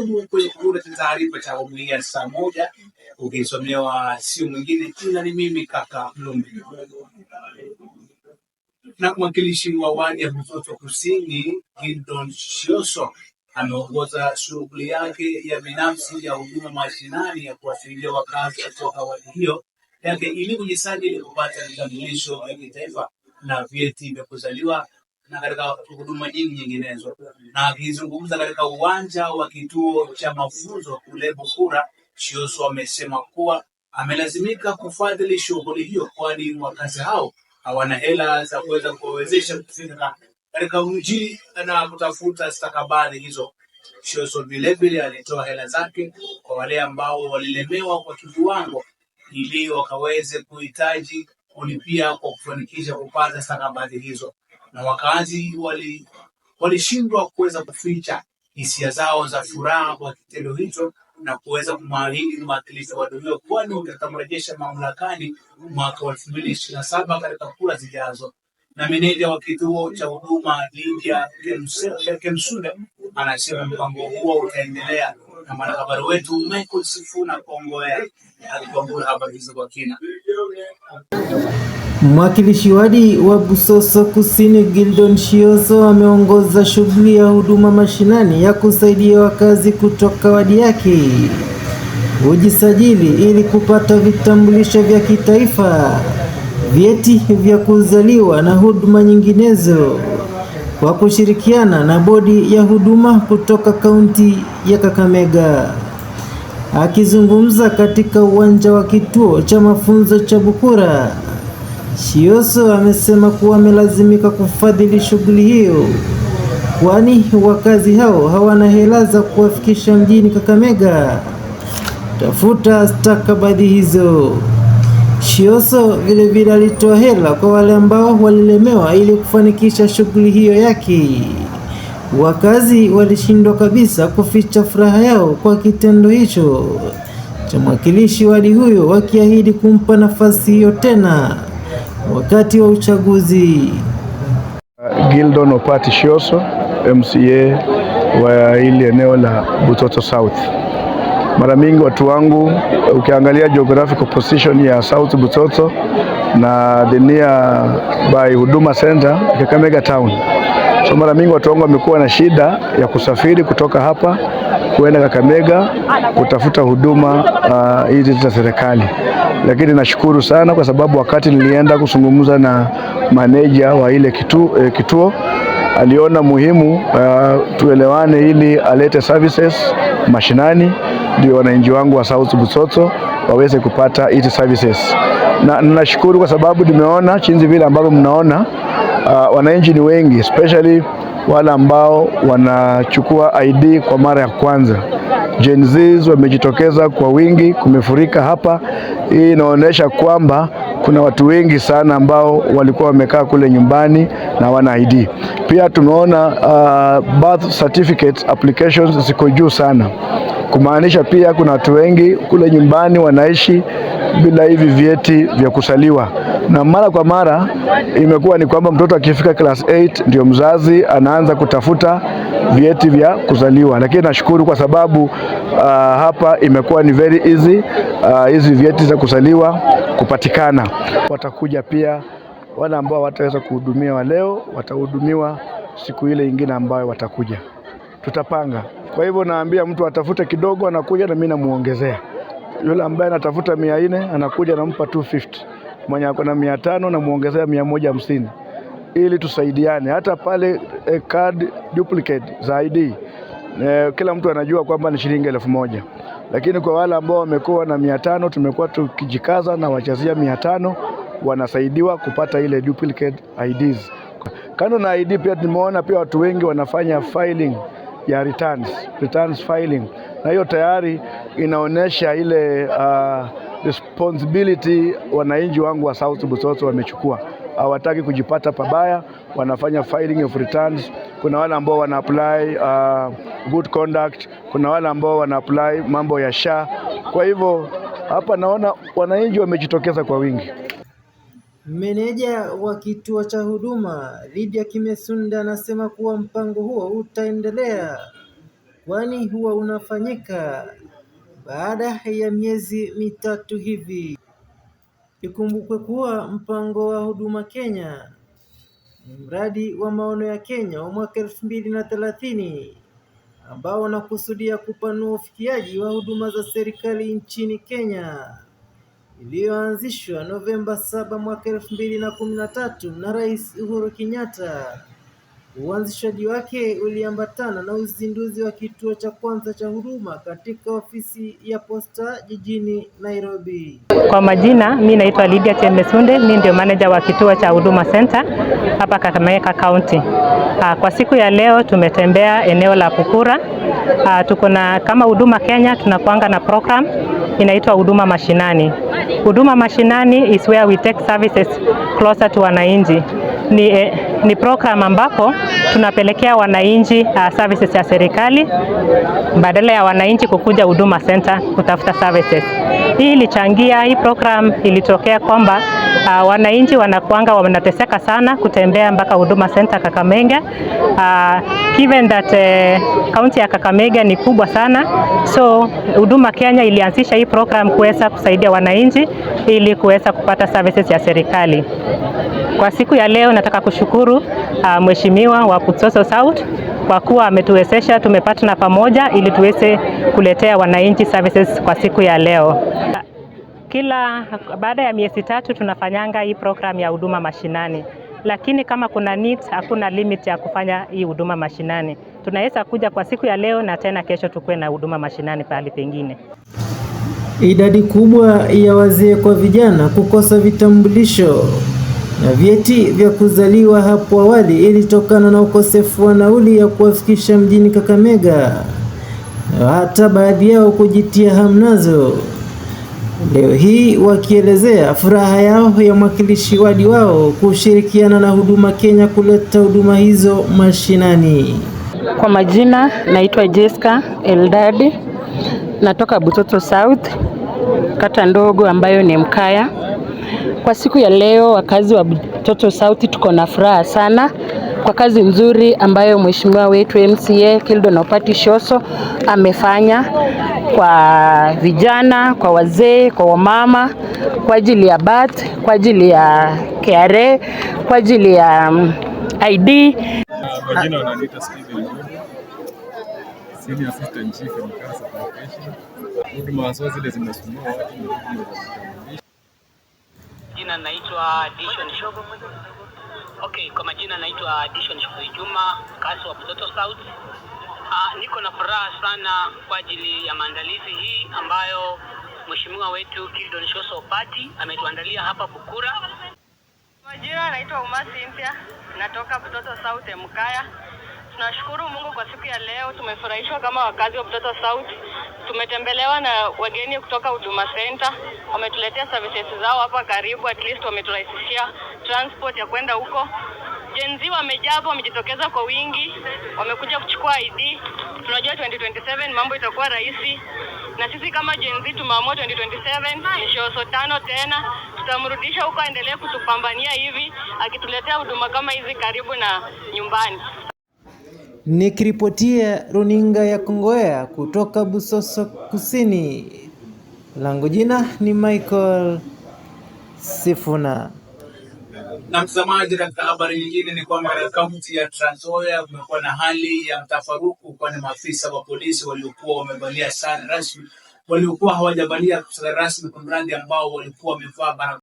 Karibu kwenye kibunda cha taarifa cha awamu saa moja, ukisomewa sio mwingine tena ni mimi kaka Mlumbi na mwakilishi wa wadi ya Butoto Kusini Gideon Shioso ameongoza shughuli yake ya binafsi ya huduma mashinani ya kuwasaidia wakazi kutoka wadi hiyo yake ili kujisajili kupata vitambulisho vya kitaifa na vyeti vya kuzaliwa na katika huduma nyingi nyinginezo. Na akizungumza katika uwanja wa kituo cha mafunzo kule Bukura, Chioso amesema kuwa amelazimika kufadhili shughuli hiyo, kwani wakazi hao hawana hela za kuweza kuwawezesha kufika katika mji na kutafuta stakabadhi hizo. Shioso vilevile alitoa hela zake kwa wale ambao walilemewa kwa kiviwango ili wakaweze kuhitaji kulipia kwa kufanikisha kupata stakabadhi hizo na wakaazi walishindwa wali kuweza kuficha hisia zao za furaha kwa kitendo hicho na kuweza kumwahidi mwakilishi wa dunia kwani watamrejesha mamlakani mwaka wa elfu mbili ishirini na saba katika kura zijazo. Na meneja wa kituo cha huduma Lydia Kemsunde anasema mpango huo utaendelea, na mwanahabari wetu Michael Sifuna Kongowea alituambia habari hizo kwa kina. Mwakilishi wadi wa Busoso Kusini Gildon Shioso ameongoza shughuli ya huduma mashinani ya kusaidia wakazi kutoka wadi yake kujisajili ili kupata vitambulisho vya kitaifa, vyeti vya kuzaliwa na huduma nyinginezo kwa kushirikiana na bodi ya huduma kutoka kaunti ya Kakamega. Akizungumza katika uwanja wa kituo cha mafunzo cha Bukura Shioso amesema kuwa amelazimika kufadhili shughuli hiyo kwani wakazi hao hawana hela za kuwafikisha mjini Kakamega tafuta stakabadhi hizo. Shioso vilevile alitoa hela kwa wale ambao walilemewa ili kufanikisha shughuli hiyo yake. Wakazi walishindwa kabisa kuficha furaha yao kwa kitendo hicho cha mwakilishi wadi huyo, wakiahidi kumpa nafasi hiyo tena wakati wa uchaguzi. Gildon Opati Shioso, MCA wa hili eneo la Butoto South. Mara mingi watu wangu, ukiangalia geographical position ya South Butoto na the by Huduma Center Kakamega Town, so mara mingi watu wangu wamekuwa na shida ya kusafiri kutoka hapa kuenda Kakamega kutafuta huduma uh, hizi uh, za serikali lakini nashukuru sana kwa sababu wakati nilienda kuzungumza na maneja wa ile kitu, eh, kituo aliona muhimu uh, tuelewane ili alete services mashinani ndio wananchi wangu wa South Busotso waweze kupata hizi services, na nashukuru kwa sababu nimeona chinzi vile ambavyo mnaona, uh, wananchi ni wengi especially wale ambao wanachukua ID kwa mara ya kwanza. Gen Z wamejitokeza kwa wingi, kumefurika hapa. Hii inaonyesha kwamba kuna watu wengi sana ambao walikuwa wamekaa kule nyumbani na wana ID. Pia tumeona uh, birth certificate applications ziko juu sana, kumaanisha pia kuna watu wengi kule nyumbani wanaishi bila hivi vyeti vya kusaliwa na mara kwa mara imekuwa ni kwamba mtoto akifika class 8 ndio mzazi anaanza kutafuta vyeti vya kuzaliwa, lakini nashukuru kwa sababu uh, hapa imekuwa ni very easy ah, hizi uh, vyeti za kuzaliwa kupatikana. Watakuja pia wale ambao wataweza kuhudumiwa leo watahudumiwa siku ile ingine ambayo watakuja, tutapanga. Kwa hivyo naambia mtu atafute kidogo, anakuja na mimi namuongezea. Yule ambaye anatafuta mia nne anakuja nampa 250 mwenye ako na mia tano namwongezea mia moja hamsini ili tusaidiane hata pale e, card duplicate za ID e, eh, kila mtu anajua kwamba ni shilingi elfu moja lakini kwa wale ambao wamekuwa na mia tano tumekuwa tukijikaza na wachezia mia tano wanasaidiwa kupata ile duplicate IDs. Kando na ID pia tumeona pia watu wengi wanafanya filing ya returns, returns filing, na hiyo tayari inaonyesha ile uh, responsibility wananchi wangu wa South Busotso wamechukua, hawataki kujipata pabaya, wanafanya filing of returns. Kuna wale ambao wana apply uh, good conduct, kuna wale ambao wana apply mambo ya SHA. Kwa hivyo hapa naona wananchi wamejitokeza kwa wingi. Meneja wa kituo cha huduma Lydia Kimesunda anasema kuwa mpango huo utaendelea kwani huwa unafanyika baada ya miezi mitatu hivi, ikumbukwe kuwa mpango wa Huduma Kenya ni mradi wa maono ya Kenya wa mwaka elfu mbili na thelathini ambao unakusudia kupanua ufikiaji wa huduma za serikali nchini Kenya iliyoanzishwa Novemba 7 mwaka elfu mbili na kumi na tatu na Rais Uhuru Kenyatta Uanzishaji wake uliambatana na uzinduzi wa kituo cha kwanza cha huduma katika ofisi ya Posta jijini Nairobi. Kwa majina, mi naitwa Lydia Chemesunde, mi ndio manager wa kituo cha Huduma Center hapa Kakamega County. Ah, kwa siku ya leo tumetembea eneo la Pukura. Ah, tuko na kama Huduma Kenya tunakuanga na program inaitwa Huduma Mashinani. Huduma Mashinani is where we take services closer to wananchi ni, eh, ni program ambapo tunapelekea wananchi uh, services ya serikali badala ya wananchi kukuja huduma center kutafuta services. Hii ilichangia, hii program ilitokea kwamba uh, wananchi wanakuanga wanateseka sana kutembea mpaka huduma center Kakamega. Uh, given that kaunti eh, county ya Kakamega ni kubwa sana, so Huduma Kenya ilianzisha hii program kuweza kusaidia wananchi ili kuweza kupata services ya serikali. Kwa siku ya leo nataka kushukuru uh, mheshimiwa wa Putsoso South kwa kuwa ametuwezesha tumepatana pamoja ili tuweze kuletea wananchi services kwa siku ya leo. Kila baada ya miezi tatu tunafanyanga hii program ya huduma mashinani, lakini kama kuna needs, hakuna limit ya kufanya hii huduma mashinani. Tunaweza kuja kwa siku ya leo na tena kesho tukuwe na huduma mashinani pahali pengine. Idadi kubwa ya wazee kwa vijana kukosa vitambulisho na vyeti vya kuzaliwa hapo awali ilitokana na ukosefu wa nauli ya kuwafikisha mjini Kakamega hata baadhi yao kujitia hamnazo leo hii wakielezea furaha yao ya mwakilishi wadi wao kushirikiana na Huduma Kenya kuleta huduma hizo mashinani. Kwa majina naitwa Jessica Eldad, natoka Butoto South, kata ndogo ambayo ni Mkaya. Kwa siku ya leo wakazi wa Butoto South tuko na furaha sana kwa kazi nzuri ambayo mheshimiwa wetu MCA Kildon Opati Shoso amefanya kwa vijana, kwa wazee, kwa wamama, kwa ajili ya BAT, kwa ajili ya KRA, kwa ajili ya um, mm, ID majina naitwa Dishon Shogo. Okay, kwa majina naitwa Dishon Shogo Juma, kasi wa Butoto South. Uh, niko na furaha sana kwa ajili ya maandalizi hii ambayo mheshimiwa wetu kildon Shoso Opati ametuandalia hapa Bukura. Majina naitwa Umasi Mpya, natoka Butoto South Mkaya. Tunashukuru Mungu kwa siku ya leo, tumefurahishwa kama wakazi wa Butoto South tumetembelewa na wageni kutoka Huduma Center, wametuletea services zao hapa karibu, at least wameturahisishia transport ya kwenda huko. Jenzi wamejaa wamejitokeza kwa wingi, wamekuja kuchukua ID. Tunajua 2027 mambo itakuwa rahisi, na sisi kama Jenzi tumeamua 2027 ni shoso tano tena, tutamrudisha huko aendelee kutupambania hivi, akituletea huduma kama hizi karibu na nyumbani. Nikiripotia runinga ya Kongowea kutoka Busoso Kusini, langu jina ni Michael Sifuna. Na msamaji, katika habari nyingine ni kwamba kaunti ya Trans Nzoia kumekuwa na hali ya mtafaruku, kwani maafisa wa polisi waliokuwa wamevalia sare rasmi waliokuwa hawajavalia sare rasmi, kunradi ambao walikuwa wamevaa